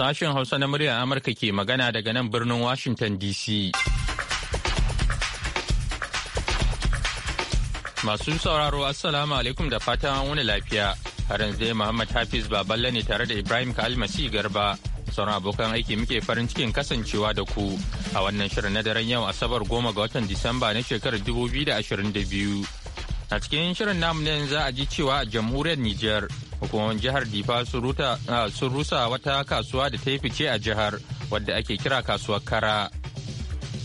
Sashen Hausa na muryar Amurka ke magana daga nan birnin Washington DC. Masu sauraro Assalamu alaikum da fatan an wani lafiya. Haran zai Muhammad Hafiz Baballe ne tare da Ibrahim Kalmasi Garba. Sauran abokan aiki muke farin cikin kasancewa da ku a wannan shirin na daren yau Asabar goma ga watan Disamba na shekarar 2022. A cikin shirin namu ne za a ji cewa a jamhuriyar Nijar hukumomin jihar difa sun rusa wata kasuwa da ta yi fice a jihar wadda ake kira kasuwar kara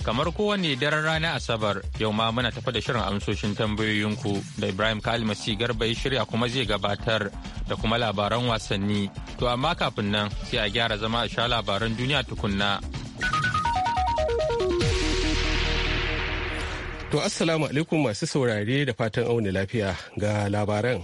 kamar kowane daren rana asabar yau ma muna tafa da shirin amsoshin tambayoyinku da ibrahim kalmasi garba ya shirya kuma zai gabatar da kuma labaran wasanni to amma kafin nan sai a gyara zama a sha labaran duniya tukunna to assalamu alaikum masu saurare da fatan auna lafiya ga labaran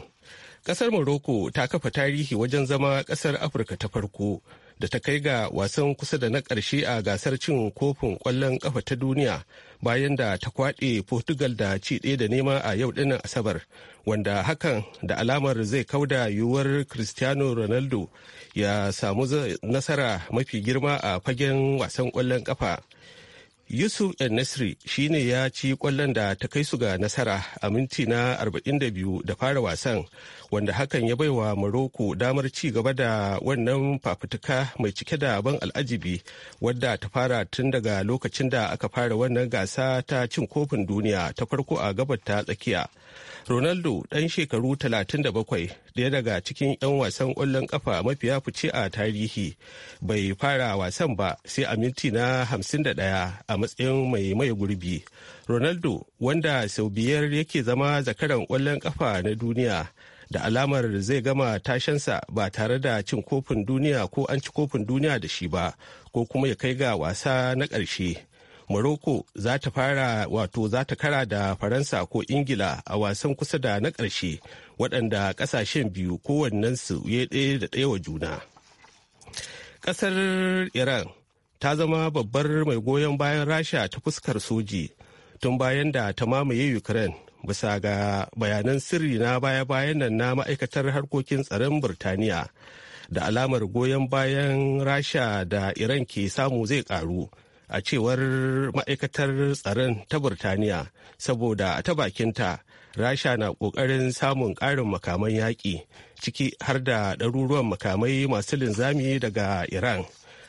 Kasar Morocco ta kafa tarihi wajen zama kasar Afirka ta farko da ta kai ga wasan kusa da na ƙarshe a gasar cin kofin ƙwallon ƙafa ta duniya bayan da ta kwaɗe Portugal da ci ɗaya da nema a yau ɗinin Asabar, wanda hakan da alamar zai kauda yiwuwar Cristiano Ronaldo ya samu nasara mafi girma a fagen wasan ƙwallon ƙafa. Yusuf Nasri shine ya ci ƙwallon da ta kai su ga nasara a minti na 42 da fara wasan. wanda hakan ya baiwa maroko damar ci gaba da wannan fafutuka mai cike da ban al'ajibi wadda ta fara tun daga lokacin da aka fara wannan gasa ta cin kofin duniya ta farko a gabar ta tsakiya. Ronaldo ɗan shekaru 37 ɗaya daga cikin 'yan wasan ƙwallon ƙafa mafiya fice a tarihi bai fara wasan ba sai a minti na 51 a matsayin mai mai gurbi. Ronaldo wanda sau biyar yake zama zakaran ƙwallon ƙafa na duniya da alamar zai gama tashensa ba tare da cin kofin duniya ko an ci kofin duniya da shi ba ko kuma ya kai ga wasa na ƙarshe morocco za ta fara wato za ta kara da faransa ko ingila a wasan kusa da na ƙarshe waɗanda ƙasashen biyu kowannensu ya ɗaya da ɗaya wa juna ƙasar iran ta zama babbar mai goyon bayan rasha ta fuskar soji tun bayan da ta mamaye ukraine bisa ga bayanan sirri na baya-bayan nan na ma'aikatar harkokin tsaron Burtaniya da alamar goyon bayan Rasha da Iran ke samu zai karu a cewar ma'aikatar tsaron ta Burtaniya saboda ta bakinta Rasha na ƙoƙarin samun ƙarin makaman yaƙi ciki har da ɗaruruwan makamai masu linzami daga Iran.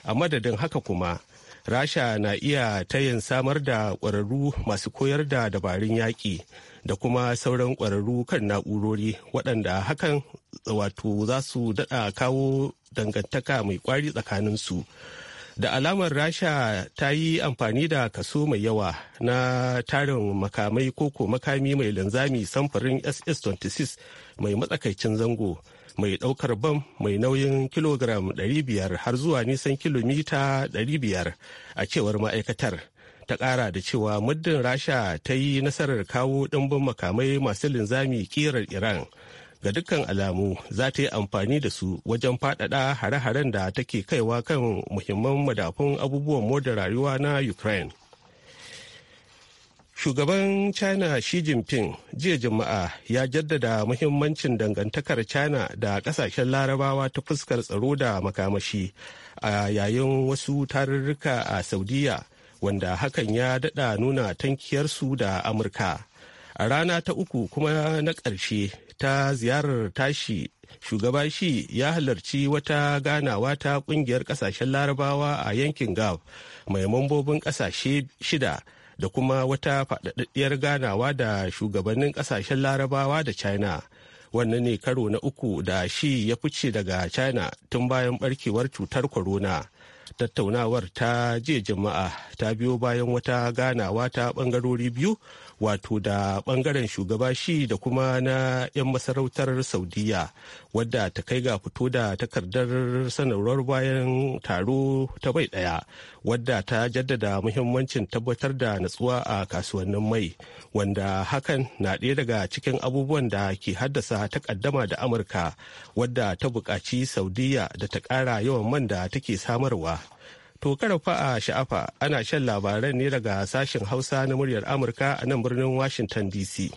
A madadin haka kuma rasha na iya tayin samar da ƙwararru masu koyar da dabarun yaƙi da kuma sauran ƙwararru kan na'urori waɗanda hakan wato za su daɗa kawo dangantaka mai ƙwari tsakaninsu da alamar rasha ta yi amfani da kaso mai yawa na tarin makamai koko makami mai linzami samfurin ss-26 mai matsakaicin zango mai ɗaukar bam mai nauyin kilogram 500 har zuwa nisan kilomita 500 a cewar ma'aikatar ta ƙara da cewa muddin rasha ta yi nasarar kawo ɗimbin makamai masu linzami ƙirar iran ga dukkan alamu za ta yi amfani da su wajen faɗaɗa hare-haren da take kaiwa kan muhimman madafun abubuwan moda rayuwa na ukraine Shugaban China Xi Jinping jiya Juma'a ya jaddada muhimmancin dangantakar China da kasashen larabawa ta fuskar tsaro da makamashi a yayin wasu tarurruka a Saudiya wanda hakan ya dada nuna tankiyarsu da Amurka. A rana ta uku kuma na ƙarshe ta ziyarar tashi shugaba shi ya halarci wata ganawa ta ƙungiyar ƙasashen larabawa a yankin gav mai mambobin ƙasashe shida. da kuma wata faɗaɗɗiyar ganawa da shugabannin ƙasashen larabawa da china wannan ne karo na uku da shi ya fice daga china tun bayan barkewar cutar corona tattaunawar ta jiya jama'a ta biyo bayan wata ganawa ta ɓangarori biyu wato da bangaren shugaba shi da kuma na 'yan masarautar saudiya wadda ta kai ga fito da takardar sanarwar bayan taro ta bai daya wadda ta jaddada muhimmancin tabbatar da natsuwa a kasuwannin mai wanda hakan na ɗaya daga cikin abubuwan da ke haddasa takaddama da amurka wadda ta buƙaci saudiya da ta ƙara yawan man da take samarwa To kada fa a sha'afa ana shan labaran ne daga sashen Hausa na muryar Amurka a nan birnin Washington DC.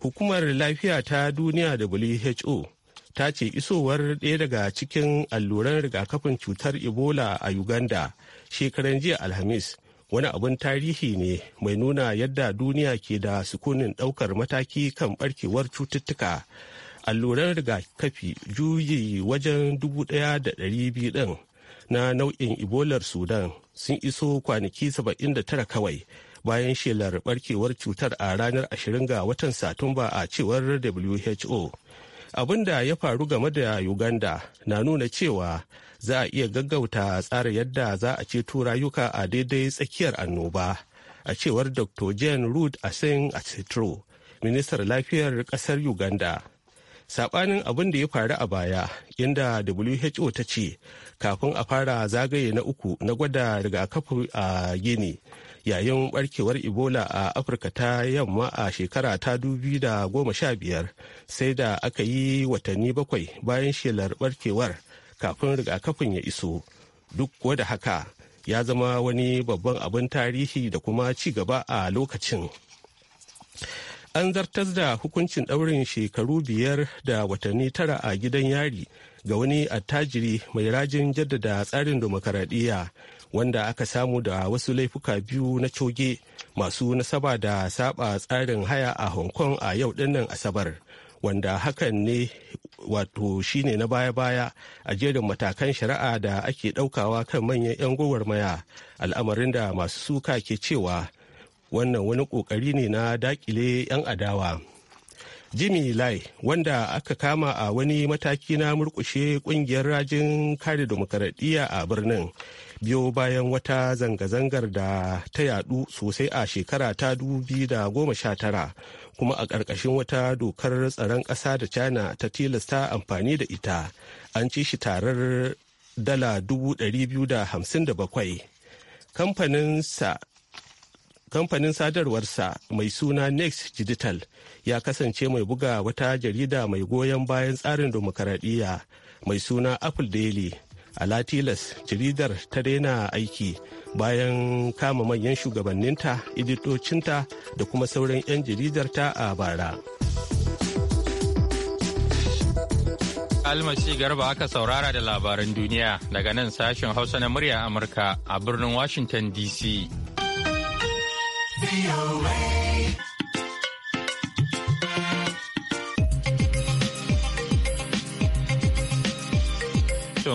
Hukumar lafiya ta duniya WHO ta ce isowar ɗaya daga cikin alluran rigakafin cutar Ebola a Uganda shekaran jiya Alhamis wani abin tarihi ne mai nuna yadda duniya ke da sukunin ɗaukar mataki kan ɓarkewar cututtuka. Alluran rigakafi juyi wajen dubu da ɗaya ɗari biyu ɗin na nau'in Ebolar Sudan sun iso kwanaki 79 kawai bayan shelar barkewar cutar a ranar 20 ga watan Satumba a cewar WHO. Abin da ya faru game da Uganda na nuna cewa za a iya gaggauta tsara yadda za a ceto rayuka a daidai tsakiyar annoba a cewar Dr. Jane Ruth a citro ministar lafiyar kasar Uganda. Sabanin abin da ya faru a baya, inda WHO ta ce kafin a fara zagaye na uku na gwada rigakafi a gini yayin barkewar ebola a afirka ta yamma a shekara ta biyar sai da aka yi watanni bakwai bayan shelar barkewar kafin rigakafin ya iso duk kuwa da haka ya zama wani babban abin tarihi da kuma ci gaba a lokacin an zartar da hukuncin ɗaurin shekaru biyar da watanni tara a gidan yari ga wani attajiri mai rajin jaddada tsarin demokaradiyya wanda aka samu da wasu laifuka biyu na coge masu nasaba da saba tsarin haya a hong kong a yau dinnan asabar wanda hakan ne wato shine na baya-baya a jerin matakan shari'a da ake daukawa kan manyan 'yan gwagwarmaya al'amarin da masu suka ke cewa wannan wani kokari ne na dakile 'yan adawa jimmy lai wanda aka kama a wani mataki na murkushe kungiyar rajin kare demokaradiyya a birnin biyo bayan wata zanga-zangar da ta yadu sosai a shekara ta tara kuma a ƙarƙashin wata dokar tsaron ƙasa da china ta tilasta amfani da ita an ci shi tarar dala 257 kamfanin sadarwarsa mai suna next digital ya kasance mai buga wata jarida mai goyon bayan tsarin demokaradiyya mai suna apple daily a latilas jaridar ta daina aiki bayan kama manyan shugabanninta editocinta da kuma sauran 'yan jaridarta a bara almasi garba aka saurara da labaran duniya daga nan sashen hausa na murya amurka a birnin washington dc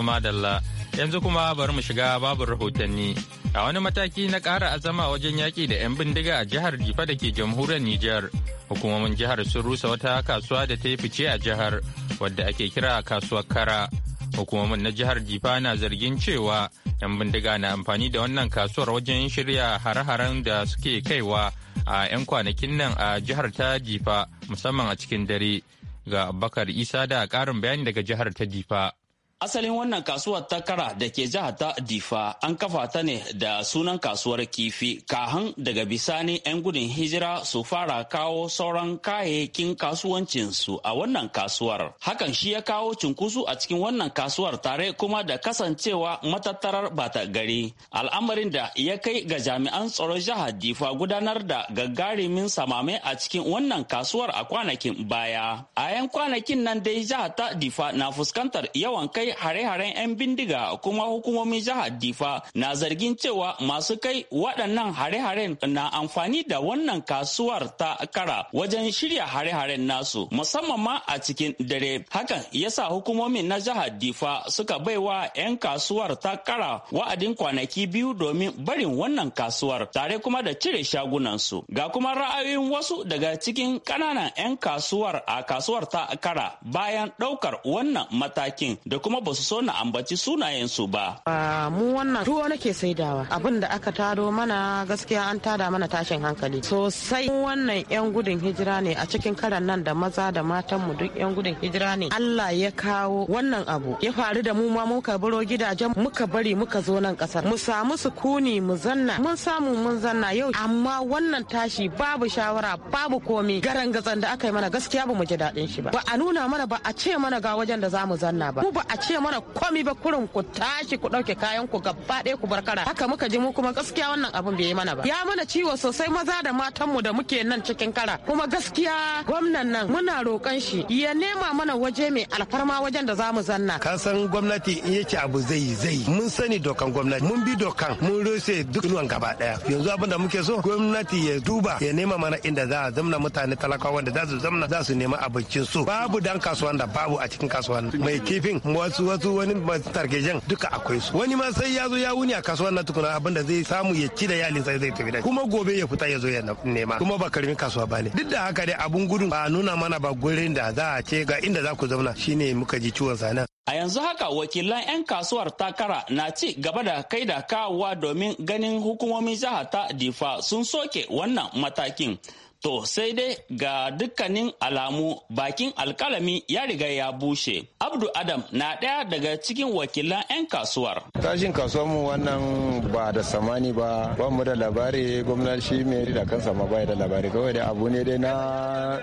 madalla yanzu kuma bari mu shiga babu rahotanni. A wani mataki na ƙara azama wajen yaƙi da 'yan bindiga a jihar Difa da ke jamhuriyar Nijar. Hukumomin jihar sun rusa wata kasuwa da ta yi fice a jihar wadda ake kira kasuwar kara. Hukumomin na jihar Difa na zargin cewa 'yan bindiga na amfani da wannan kasuwar wajen shirya hare-haren da suke kaiwa a 'yan kwanakin nan a jihar ta Difa musamman a cikin dare. Ga Abubakar Isa da ƙarin bayani daga jihar ta jifa Asalin wannan kasuwar ta kara da ke jihar ta Difa an kafa ta ne da sunan kasuwar kifi kahan daga bisani 'yan gudun hijira su fara kawo sauran kayayyakin kasuwancinsu a wannan kasuwar. Hakan shi ya kawo cunkusu a cikin wannan kasuwar tare kuma da kasancewa matattarar bata gari. Al'amarin da ya kai ga jami'an tsaro jihar Difa gudanar da gagarumin samame a cikin wannan kasuwar a kwanakin baya. A 'yan kwanakin nan dai jihar ta Difa na fuskantar yawan kai hare-haren 'yan bindiga kuma hukumomin jihar Difa na zargin cewa masu kai waɗannan hare-haren na amfani da wannan kasuwar ta kara wajen shirya hare-haren nasu musamman ma a cikin dare. Hakan yasa hukumomin na jihar Difa suka baiwa 'yan kasuwar ta kara wa'adin kwanaki biyu domin barin wannan kasuwar tare kuma da cire shagunansu. Ga kuma ra'ayoyin wasu daga cikin ƙananan 'yan kasuwar a kasuwar ta kara bayan ɗaukar wannan matakin da kuma ba su so na ambaci sunayensu ba. mu wannan tuwo nake saidawa abin da aka tado mana gaskiya an tada mana tashin hankali sosai wannan yan gudun hijira ne a cikin karan nan da maza da matan mu duk yan gudun hijira ne Allah ya kawo wannan abu ya faru da mu ma muka baro gidajen muka bari muka zo nan kasar mu samu sukuni mu zanna mun samu mun zanna yau amma wannan tashi babu shawara babu komi garan gatsan da aka yi mana gaskiya ba mu ji daɗin shi ba ba a nuna mana ba a ce mana ga wajen da za mu zanna ba mu ba a ce ce mana komi ba kurin ku tashi ku ɗauke kayan ku gaba ɗaya ku bar kara haka muka ji mu kuma gaskiya wannan abin bai yi mana ba ya mana ciwo sosai maza da mu da muke nan cikin kara kuma gaskiya gwamnan nan muna roƙon shi ya nema mana waje mai alfarma wajen da zamu zanna ka san gwamnati in yake abu zai zai mun sani dokan gwamnati mun bi dokan mun rushe duk nuwan gaba ɗaya yanzu abin da muke so gwamnati ya duba ya nema mana inda za a zamna mutane talakawa da za su zamna za su nema abincin su babu dan kasuwan da babu a cikin kasuwan mai kifin wasu su wasu wani tarkejen duka akwai su wani ma sai ya zo ya wuni a kasuwar na tukuna abin zai samu ya ci da yalin sai zai tafi da kuma gobe ya fita ya zo ya nema kuma ba karmi kasuwa ba ne duk da haka dai abun gudun ba nuna mana ba gurin da za a ce ga inda za ku zauna shine muka ji ciwon sana A yanzu haka wakilan 'yan kasuwar takara na ci gaba da kai da kawowa domin ganin hukumomin jihar ta difa sun soke wannan matakin. To sai dai ga dukkanin alamu bakin alkalami ya riga ya bushe. Abdu Adam na ɗaya daga cikin wakilan 'yan kasuwar. Tashin kasuwar mu wannan ba da samani ba, ba mu da labari gwamnati shi mai da kansa ma bai da labari kawai da abu ne dai na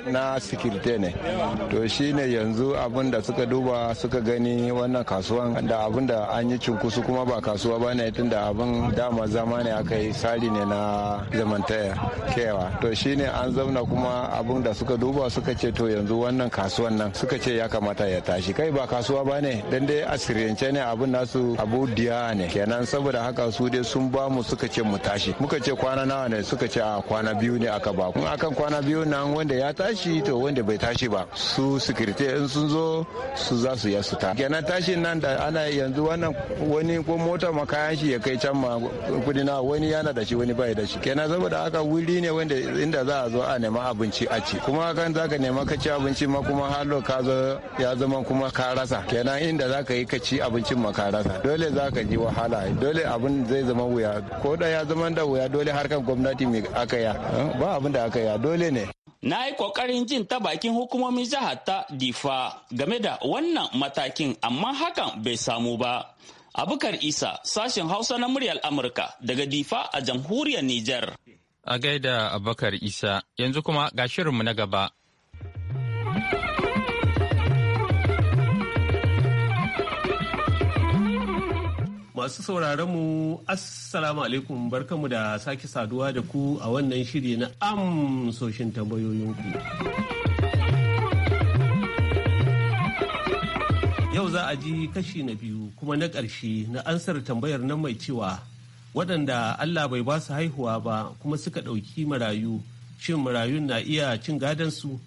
na sikirte ne. To shi ne yanzu abin da suka duba suka gani wannan kasuwan da abin da an yi cunkusu kuma ba kasuwa ba ne tunda abin dama zama ne aka yi sali ne na zamantaya kewa. To shi ne an an zauna kuma abin da suka duba suka ce to yanzu wannan kasuwan nan suka ce ya kamata ya tashi kai ba kasuwa ba ne dan dai asiriyance ne abin nasu abu diya ne kenan saboda haka su dai sun ba mu suka ce mu tashi muka ce kwana nawa ne suka ce a kwana biyu ne aka ba kun akan kwana biyu nan wanda ya tashi to wanda bai tashi ba su sikirte in sun zo su za su ya su ta kenan tashi nan da ana yanzu wannan wani ko mota ma kayan shi ya kai can ma kudi na wani yana da shi wani bai da shi kenan saboda haka wuri ne wanda inda za a zo zo a nema abinci a ci kuma kan zaka nema ka ci abinci ma kuma halo ka zo ya zama kuma ka rasa kenan inda zaka yi ka ci abincin ma ka rasa dole zaka ji wahala dole abin zai zama wuya ko da ya zama da wuya dole harkan gwamnati mai aka ya ba abin da aka ya dole ne na yi kokarin jin ta bakin hukumomin jihar ta difa game da wannan matakin amma hakan bai samu ba abukar isa sashen hausa na muryar amurka daga difa a jamhuriyar nijar. A gaida Bakar Isa, yanzu kuma ga shirinmu na gaba. Masu sauraron mu Assalamu alaikum barkamu da sake saduwa da ku a wannan shiri na amsoshin tambayoyinku. Yau za a ji kashi na biyu kuma na ƙarshe na ansar tambayar nan mai cewa waɗanda Allah bai ba su haihuwa ba kuma suka ɗauki marayu shin marayun na iya cin gadansu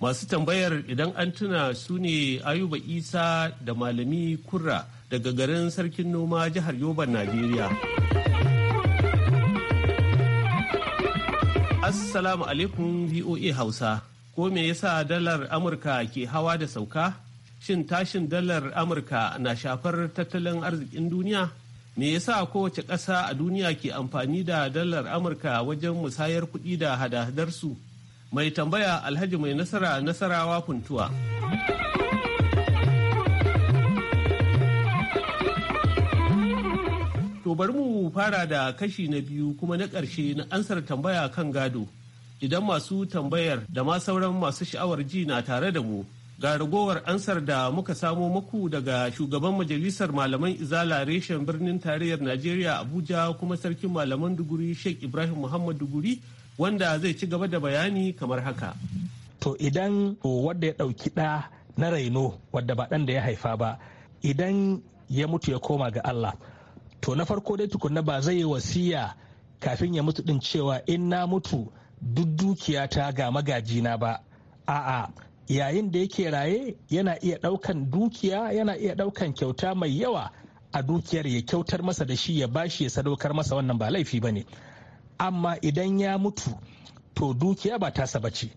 masu tambayar idan an tuna su ne ayuba isa da malami kurra daga garin sarkin noma jihar yoban najeriya assalamu alaikum voa hausa ko me yasa dalar amurka ke hawa da sauka shin tashin dalar amurka na shafar tattalin arzikin duniya Me yasa kowace ƙasa a duniya ke amfani da dalar Amurka wajen musayar kuɗi da hada-hadarsu? Mai tambaya Alhaji mai nasara nasarawa funtuwa. To bari mu fara da kashi na biyu kuma na ƙarshe na ansar tambaya kan gado. Idan masu tambayar da ma sauran masu sha'awar ji na tare da mu. ga ragowar ansar da muka samo muku daga shugaban majalisar malaman izala reshen birnin tarayyar najeriya abuja kuma sarkin malaman duguri sheikh ibrahim muhammad duguri wanda zai ci gaba da bayani kamar haka to idan wadda ya dauki ɗa na raino wadda ba dan da ya haifa ba idan ya mutu ya koma ga allah to na farko dai tukunna ba zai yi wasiya kafin ya mutu din cewa in na mutu duk dukiyata ga magajina ba a'a yayin da yake raye yana iya ɗaukan dukiya yana iya ɗaukan kyauta mai yawa a dukiyar ya kyautar masa da shi ya bashi ya sadaukar masa wannan ba laifi ba ne amma idan ya mutu to dukiya ba tasa ba ce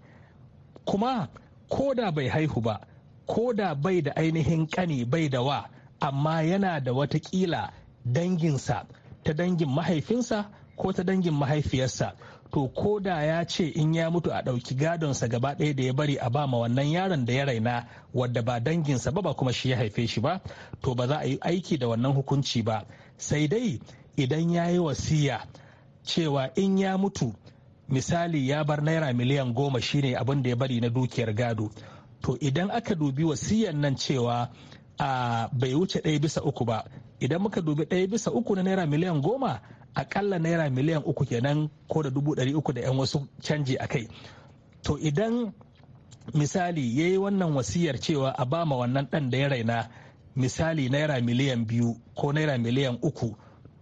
kuma ko da bai haihu ba ko da bai da ainihin kani bai da wa amma yana da watakila danginsa ta dangin mahaifinsa ko ta dangin mahaifiyarsa to ko da ya ce in ya mutu a ɗauki gadonsa gaba ɗaya da ya bari a bama wannan yaron da ya raina wadda ba danginsa ba ba kuma shi ya haife shi ba to ba za a yi aiki da wannan hukunci ba sai dai idan ya yi wasiya cewa in ya mutu misali ya bar naira miliyan goma shine abin da ya bari na dukiyar gado to idan aka dubi wasiyan nan cewa a bai wuce ɗaya bisa uku ba idan muka dubi ɗaya bisa uku na naira miliyan goma akalla naira miliyan uku kenan ko da dubu ɗari uku da 'yan wasu canji a kai to idan misali ya yi wannan wasiyar cewa a ba ma wannan ɗan da ya raina misali naira miliyan biyu ko naira miliyan uku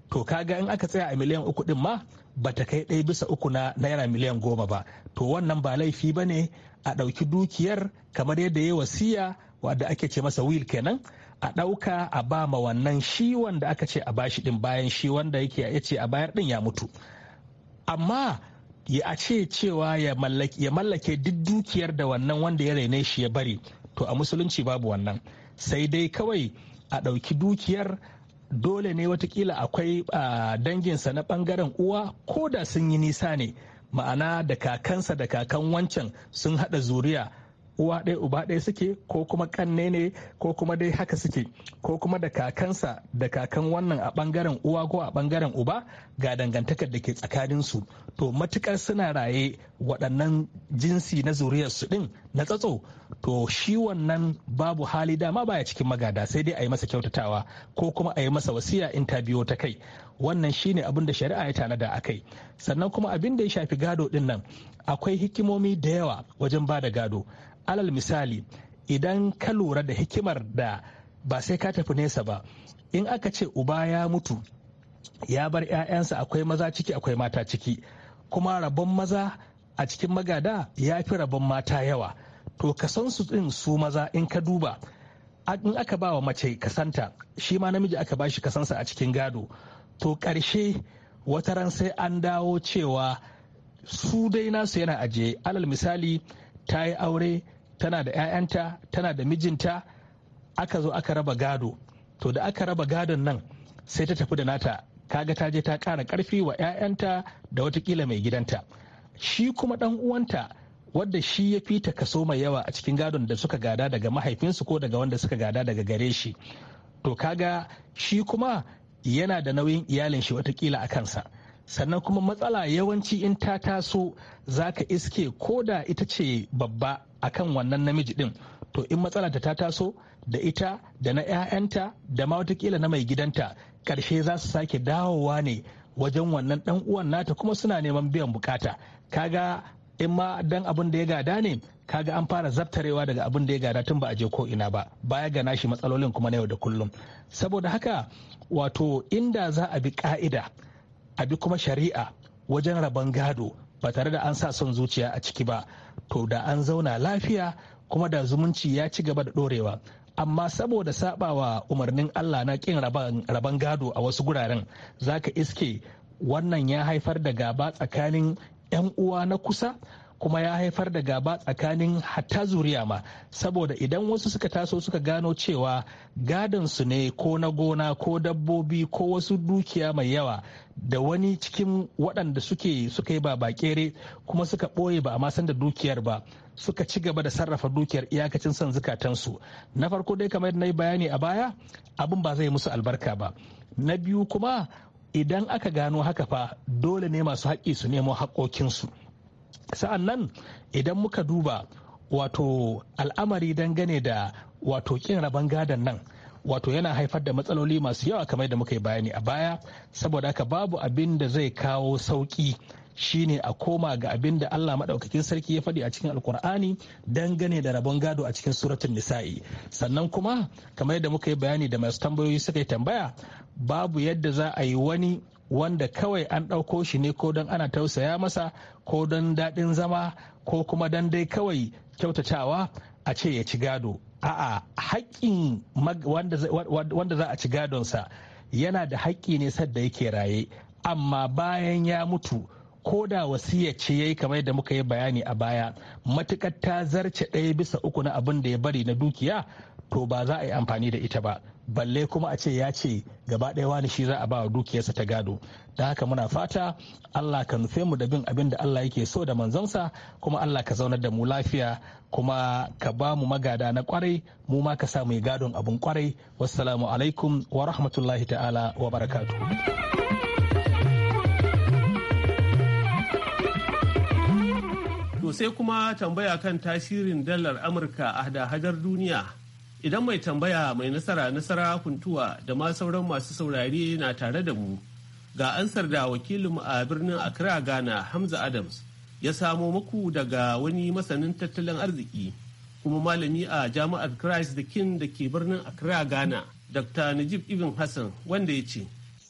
to kaga in aka tsaya a miliyan uku ɗin ma bata kai ɗaya bisa uku na naira miliyan goma ba to wannan ba laifi ba ne a ɗauki dukiyar kamar yadda ya wasiya wadda ake ce masa wil kenan a ɗauka a ba ma wannan shi wanda aka ce a bashi din bayan shi wanda yake ya ce a bayar din ya mutu amma ya a ce cewa ya mallake duk dukiyar da wannan wanda ya raine shi ya bari to a musulunci babu wannan sai dai kawai a ɗauki dukiyar dole ne watakila akwai danginsa na ɓangaren uwa ko da sun yi nisa ne ma'ana da kakansa da kakan wancan sun haɗa zuriya uwa ɗaya uba ɗaya suke ko kuma kanne ne ko kuma dai haka suke ko kuma da kakansa da kakan wannan a ɓangaren uwa ko a ɓangaren uba ga dangantakar da ke tsakaninsu to matukar suna raye waɗannan jinsi na zuriyarsu ɗin na tsatso to shi wannan babu hali dama baya cikin magada sai dai a yi masa kyautatawa ko kuma a yi masa wasiya in ta biyo ta kai wannan shi ne abin da shari'a ya tanada a kai sannan kuma abin da ya shafi gado ɗin nan akwai hikimomi da yawa wajen ba da gado alal misali idan ka lura da hikimar da ba sai ka tafi nesa ba in aka ce uba ya mutu ya bar 'ya'yansa akwai maza ciki akwai mata ciki kuma rabon maza a cikin magada ya fi rabon mata yawa to ka san su din su maza in ka duba in aka ba wa mace kasanta shi ma namiji aka ba shi kasansa a cikin gado to ƙarshe wata ran sai an dawo cewa su dai nasu yana ajiye alal misali ta yi aure tana da 'ya'yanta tana da mijinta aka zo aka raba gado to da aka raba gadon nan sai ta tafi da nata kaga ta je ta kara karfi wa 'ya'yanta da watakila mai gidanta shi kuma dan uwanta wadda shi ya fita kaso mai yawa a cikin gadon da suka gada daga mahaifinsu ko daga wanda suka gada daga gare shi to kaga shi kuma yana da nauyin iyalin shi watakila a kansa sannan kuma matsala yawanci in ta taso za ka iske ko da ita ce babba akan wannan namiji din to in matsala ta ta taso da ita da na 'ya'yanta da ma watakila na mai gidanta karshe za su sake dawowa ne wajen wannan dan uwan nata kuma suna neman biyan bukata kaga in ma dan abin da ya gada ne kaga an fara zartarewa daga abin da ya gada tun ba a je ko ina ba baya ga nashi matsalolin kuma na yau da kullum saboda haka wato inda za a bi ka'ida a bi kuma shari'a wajen rabon gado ba tare da an sa son zuciya a ciki ba to da an zauna lafiya kuma da zumunci ya ci gaba da ɗorewa amma saboda sabawa umarnin allah na kin raban gado a wasu guraren zaka iske wannan ya haifar da gaba tsakanin 'yan uwa na kusa kuma ya haifar da gaba tsakanin hatta zuriya ma saboda idan wasu suka taso suka gano cewa gadon su ne ko na gona ko dabbobi ko wasu dukiya mai yawa da wani cikin waɗanda suke suka yi ba kere kuma suka ɓoye ba a masan da dukiyar ba suka ci gaba da sarrafa dukiyar iyakacin son zukatansu na farko dai kamar na yi bayani a baya abin ba zai musu albarka ba na biyu kuma idan aka gano haka fa dole ne masu haƙƙi su nemo haƙƙokinsu sa'an nan idan muka duba wato al'amari dangane da wato kin rabon gadon nan wato yana haifar da matsaloli masu yawa kamar da muka yi bayani a baya saboda haka babu abin da zai kawo sauki shine a koma ga abin da Allah maɗaukakin sarki ya faɗi a cikin alkur'ani dangane da rabon gado a cikin suratun nisa'i sannan kuma kamar da muka yi bayani da masu tambayoyi suka yi tambaya babu yadda za a yi wani wanda kawai an ɗauko shi ne ko don ana tausaya masa ko don daɗin zama ko kuma don dai kawai kyautatawa a ce ya ci gado a'a haƙƙin wanda za a ci gadonsa yana da haƙƙi ne sadda yake raye amma bayan ya mutu ko da wasiya ce yi kamar da muka yi bayani a baya matukar ta zarce ɗaya bisa uku na abin da ya bari na dukiya to ba za a yi amfani da ita ba balle kuma a ce ya ce gaba ɗaya wani shi za a ba wa dukiyarsa ta gado da haka muna fata allah ka nufe mu da bin abin da allah yake so da manzansa kuma allah ka zaunar da mu lafiya kuma ka ba mu magada na kwarai mu ma ka sa samu gadon abin kwarai wassalamu alaikum wa rahmatullahi ta'ala wa to sai kuma tambaya kan tasirin dalar amurka a hada-hadar duniya Idan mai tambaya mai nasara nasara kuntuwa da ma sauran masu saurari na tare da mu ga ansar da wakilin a birnin Accra Ghana Hamza Adams ya samo muku daga wani masanin tattalin arziki kuma malami a jami'ar Christ the King da ke birnin Accra Ghana Dr. Najib Ibn Hassan wanda ya ce.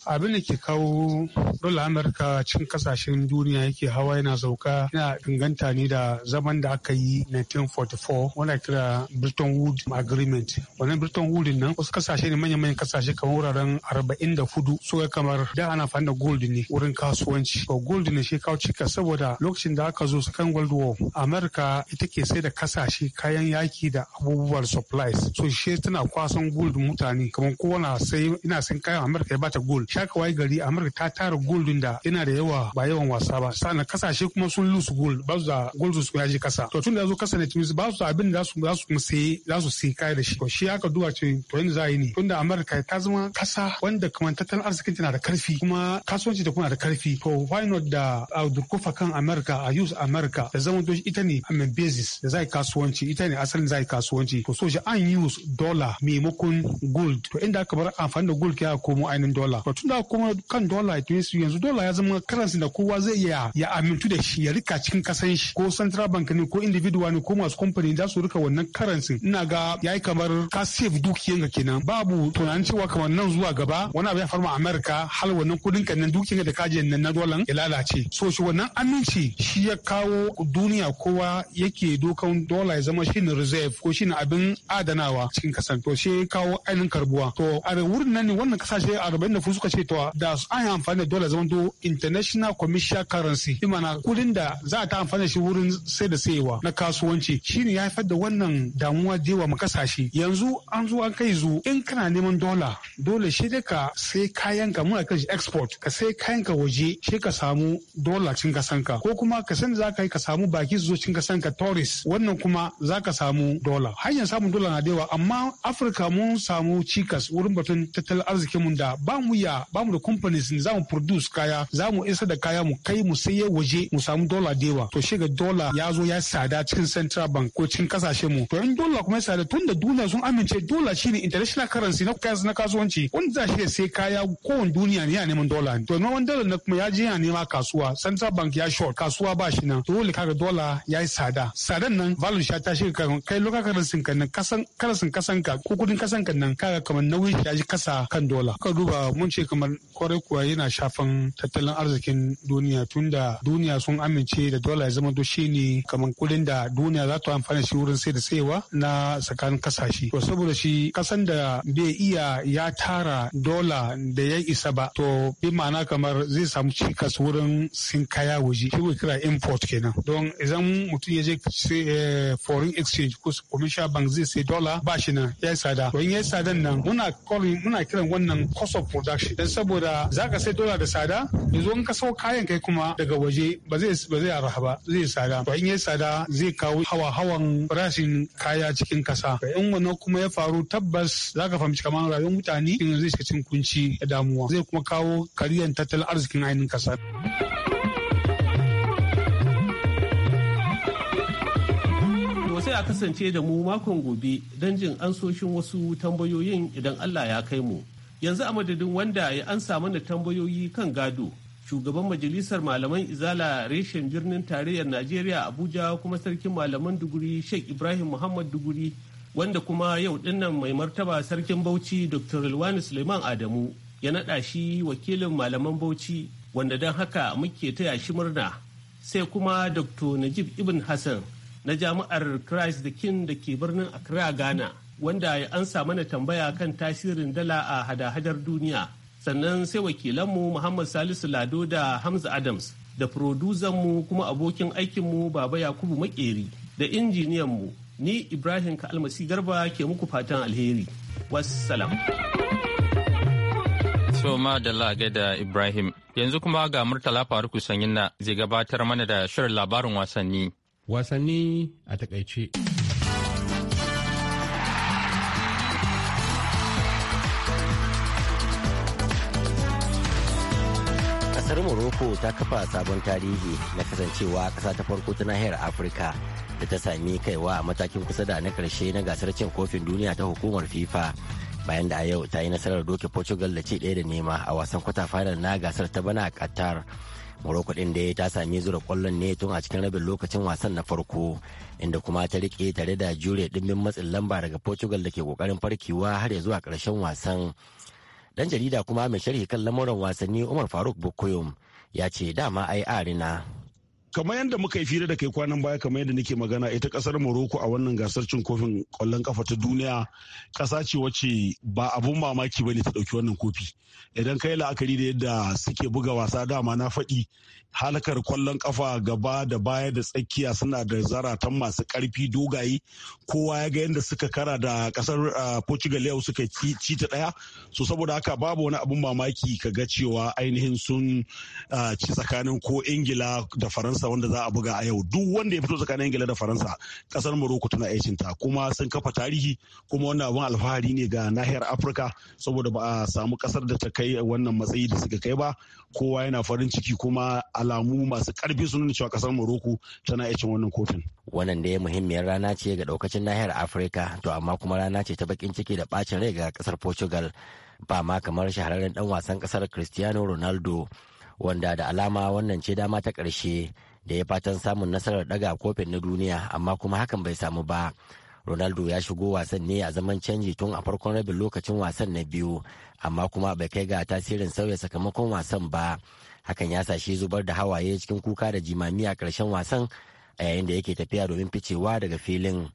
abin da ke kawo dola amurka cikin kasashen duniya yake hawa yana sauka yana inganta ne da zaman da aka yi 1944 wanda kira britain wood Agreement. Wannan britain wood nan wasu kasashe ne manya-manyan kasashe kamar wuraren 44 su kamar da ana amfani da gold ne wurin kasuwanci. To gold ne shi kawo cika saboda lokacin da aka zo sakan world war Amurka ita ke sai da kasashe kayan yaki da abubuwan supplies. So shi tana kwasan gold mutane kamar kowa na sai ina san kayan Amurka ya bata gold shaka waye gari amurka ta tara gold da yana da yawa ba yawan wasa ba sannan kasashe kuma sun lose gold ba su da gold su ya kasa to tun da zo kasa ne tun ba su da abin da su za su sai za su sai kai da shi to shi aka duba ce to yanzu za yi ne tun da amurka ta zama kasa wanda kamar tattalin arzikin tana da karfi kuma kasuwanci da kuna da karfi to why not da a durkufa kan amurka a use amurka da zama to ita ne a basis da zai kasuwanci ita ne asalin zai kasuwanci to so an use dollar maimakon gold to inda aka bar amfani da gold ya komo ainihin dollar da kuma kan dola su yanzu dola ya zama karansi da kowa zai iya ya amintu da shi ya rika cikin kasan shi ko central bank ne ko individual ne ko masu kamfani za su rika wannan karansin ina ga yayi kamar ka save ka kenan babu tunanin cewa kamar nan zuwa gaba wani abu ya faru a america hal wannan kudin ka nan dukiyan da kajiyan nan na dolan ya lalace so shi wannan aminci shi ya kawo duniya kowa yake dokan dola ya zama shine reserve ko shine abin adanawa cikin kasan to shi kawo ainihin karbuwa to a wurin nan ne wannan kasashe 40 ce da an yi amfani da dola zaman international commercial currency imana kudin da za a ta amfani da shi wurin sai da sayewa na kasuwanci shine ya haifar da wannan damuwa da yawa makasashe yanzu an zo an kai zu in kana neman dola dole shi dai ka sai kayan ka muna kan shi export ka sai kayan ka waje shi ka samu dola cin kasan ka ko kuma ka san za ka yi ka samu baki su zo cin kasan ka tourist wannan kuma za ka samu dola hanyar samun dola na da yawa amma afirka mun samu cikas wurin batun tattalin arzikin arzikinmu da ba mu ya bamu da companies ne za mu produce kaya za mu isa da kaya mu kai mu sai waje mu samu dola da yawa to shi ga dola ya zo ya sada cikin central bank ko cikin kasashe mu to in dola kuma ya sada tun da duniya sun amince dola shine international currency na kayan na kasuwanci wanda za shi sai kaya kowane duniya ne ya neman dola to na wani dola na kuma ya je ya nema kasuwa central bank ya short kasuwa ba shi nan dole kaga dola ya yi sada sadan nan value sha ta shi kai local currency kan nan kasan currency kasan ka ko kudin kasan kan nan kaga kamar nauyin shi ya ji kasa kan dola ka duba mun ce kamar kwarai kuwa yana shafan tattalin arzikin duniya tun da duniya sun amince da dola ya zama to ne kamar kudin da duniya za ta amfana shi wurin sai da saiwa na tsakanin kasashe to saboda shi kasan da bai iya ya tara dola da ya isa ba to bi ma'ana kamar zai samu cikas wurin sin kaya waje shi kira import kenan don idan mutum ya je eh, foreign exchange ko commercial bank zai sai dola ba shi nan ya yi tsada to ya yi tsadan nan muna muna kiran wannan cost of production don saboda za ka sai dola da tsada yanzu in ka sau kayan kai kuma daga waje ba zai ba zai arha ba zai tsada to in yayi tsada zai kawo hawa hawan farashin kaya cikin kasa in wannan kuma ya faru tabbas za ka fahimci kamar rayuwar mutane in zai shiga cikin kunci da damuwa zai kuma kawo kariyan tattalin arzikin ainihin kasa. sai a kasance da mu makon gobe don jin ansoshin wasu tambayoyin idan Allah ya kai mu. yanzu a madadin wanda ya ansa mana tambayoyi kan gado shugaban majalisar malaman izala reshen birnin tarayyar najeriya abuja kuma sarkin malaman duguri sheikh ibrahim muhammad duguri wanda kuma yau dinnan mai martaba sarkin bauchi dr lwani suleiman adamu ya naɗa shi wakilin malaman bauchi wanda don haka muke taya shi murna sai kuma dr najib ibn hassan na jami'ar christ the king da ke birnin accra ghana wanda an samu na tambaya kan tasirin dala a hada-hadar duniya sannan sai wakilanmu muhammad salisu lado da hamza adams da mu kuma abokin aikinmu baba yakubu makeri da injiniyanmu ni ibrahim kalmasi garba ke muku fatan alheri wassalam so madalla da ibrahim yanzu kuma ga murtala faruku sanyin na zai gabatar mana da shirin labarin wasanni wasanni a takaice ta kafa sabon tarihi na kasancewa ƙasa ta farko ta nahiyar afirka da ta sami kaiwa a matakin kusa da na karshe na gasar cin kofin duniya ta hukumar fifa bayan da a yau ta yi nasarar doke portugal da ce ɗaya da nema a wasan kwata final na gasar ta bana a qatar morocco ɗin da ta sami zura kwallon ne tun a cikin rabin lokacin wasan na farko inda kuma ta rike tare da jure ɗimbin matsin lamba daga portugal da ke kokarin farkewa har ya zuwa ƙarshen wasan dan jarida kuma mai sharhi kan lamuran wasanni umar faruk bukoyom ya ce dama ai arina kamar yadda muka yi fira da kai kwanan baya kamar yadda nake magana ita kasar Morocco a wannan gasar cin kofin kwallon kafa ta duniya kasa ce wacce ba abun mamaki bane ta dauki wannan kofi idan kai la'akari da yadda suke buga wasa dama na faɗi halakar kwallon kafa gaba da baya da tsakiya suna da zaratan masu karfi dogaye kowa ya ga yadda suka kara da kasar Portugal yau suka ci ta daya so saboda haka babu wani abun mamaki ka ga cewa ainihin sun ci tsakanin ko Ingila da Faransa faransa wanda za a buga a yau duk wanda ya fito tsakanin ingila da faransa kasar morocco tana aicin ta kuma sun kafa tarihi kuma wannan abin alfahari ne ga nahiyar afirka saboda ba a samu kasar da ta kai wannan matsayi da suka kai ba kowa yana farin ciki kuma alamu masu karfi sun nuna cewa kasar morocco tana aikin wannan kofin wannan dai muhimmiyar rana ce ga daukacin nahiyar afirka to amma kuma rana ce ta bakin ciki da bacin rai ga kasar portugal ba ma kamar shahararren dan wasan kasar cristiano ronaldo wanda da alama wannan ce dama ta ƙarshe da ya fatan samun nasarar daga kofin na duniya amma kuma hakan bai samu ba ronaldo ya shigo wasan ne a zaman canji tun a farkon rabin lokacin wasan na biyu amma kuma bai kai ga tasirin sauya sakamakon wasan ba hakan ya sa shi zubar da hawaye cikin kuka da jimami a karshen wasan a yayin da yake tafiya domin ficewa daga filin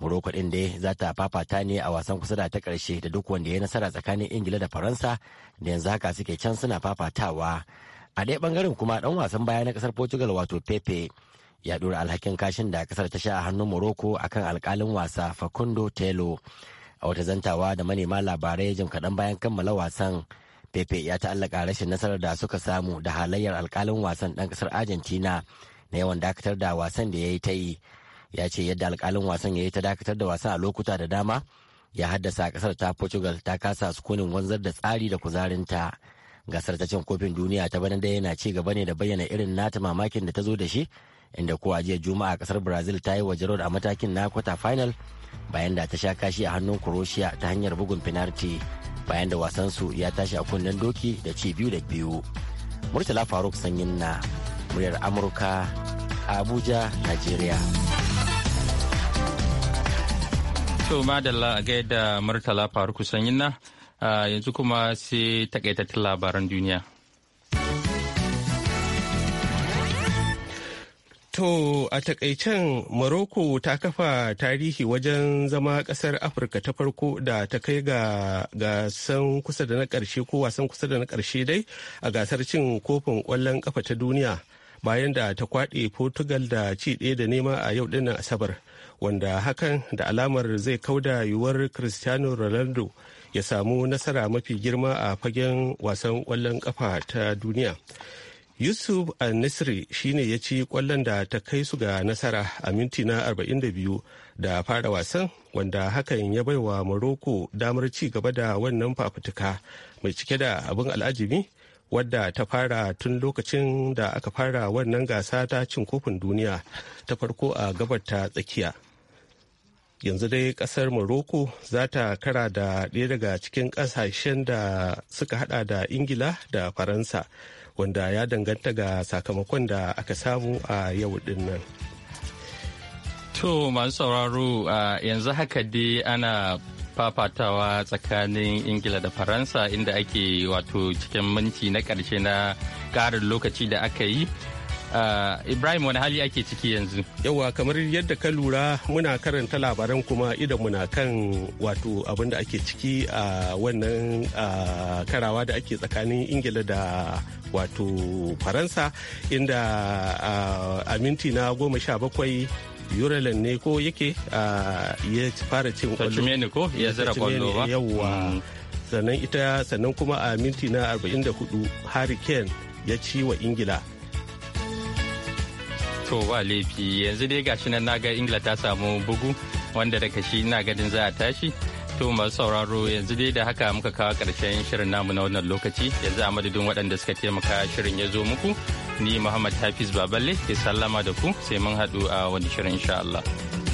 Morocco din dai za ta fafata ne a wasan kusa da ta ƙarshe da duk wanda ya nasara tsakanin Ingila da Faransa da yanzu haka suke can suna fafatawa. a ɗaya bangaren kuma ɗan wasan baya na kasar portugal wato pepe ya ɗora alhakin kashin da kasar ta sha a hannun morocco akan alkalin wasa facundo telo a wata zantawa da manema labarai jim kaɗan bayan kammala wasan pepe ya ta'allaka rashin nasarar da suka samu da halayyar alkalin wasan ɗan ƙasar argentina na yawan dakatar da wasan da ya yi ta yi ya ce yadda alkalin wasan ya yi ta dakatar da wasan a lokuta da dama ya haddasa ƙasar ta portugal ta kasa sukunin wanzar da tsari da kuzarinta gasar ta cin kofin duniya ta bana da yana ci gaba ne da bayyana irin nata mamakin da ta zo da shi inda kuwa jiya juma'a kasar brazil ta yi wa jarod a matakin na kwata final bayan da ta sha kashi a hannun croatia ta hanyar bugun finarti bayan da wasan su ya tashi a kunnen doki da ci biyu da biyu murtala faruk sanyin na muryar amurka abuja nigeria to madalla a gaida murtala faruk sanyin na Ah, yanzu kuma sai takaitattun labaran duniya. To a takaicen Morocco ta kafa tarihi wajen zama kasar Afirka ta farko da ta kai ga gasan kusa da na ƙarshe ko wasan kusa da na ƙarshe dai a gasar cin kofin ƙwallon ƙafa ta duniya bayan da ta kwaɗe Portugal da ci ɗaya da nema a yau ɗinnan Asabar wanda hakan da alamar zai kauda yiwuwar Cristiano Ronaldo ya samu nasara mafi girma a fagen wasan kwallon kafa ta duniya. Yusuf Al-Nisri shine ya ci kwallon da ta kai su ga nasara a minti na 42 da fara wasan wanda hakan ya baiwa Morocco damar ci gaba da wannan fafutuka mai cike da abin al'ajimi wadda ta fara tun lokacin da aka fara wannan gasa ta cin kofin duniya ta farko a gabar ta tsakiya. yanzu dai kasar morocco za ta kara da ɗaya daga cikin ƙasashen da suka hada da ingila da faransa wanda ya danganta ga sakamakon da aka samu a yau dinnan. to masu sauraro yanzu haka dai ana fafatawa tsakanin ingila da faransa inda ake wato cikin minti na ƙarshe na ƙarin lokaci da aka yi Ibrahim wani hali ake ciki yanzu. Yawa kamar yadda ka lura muna karanta labaran kuma idan muna kan wato abin da ake ciki a wannan karawa da ake tsakanin Ingila da wato Faransa inda a minti na goma sha bakwai Yurelen ne ko yake ya fara cin kwallo. ko ya zira kwallo ba. Yawwa. Mm. Sannan ita sannan kuma a minti na 44 Hurricane ya ci wa Ingila to ba laifi yanzu dai gashi nan naga ingila ta samu bugu wanda daga shi ina ganin za a tashi to masu sauraro yanzu dai da haka muka kawo karshen shirin namu na wannan lokaci yanzu a madadin waɗanda suka taimaka shirin ya zo muku ni muhammad hafiz baballe ke sallama da ku sai mun haɗu a wani shirin insha Allah.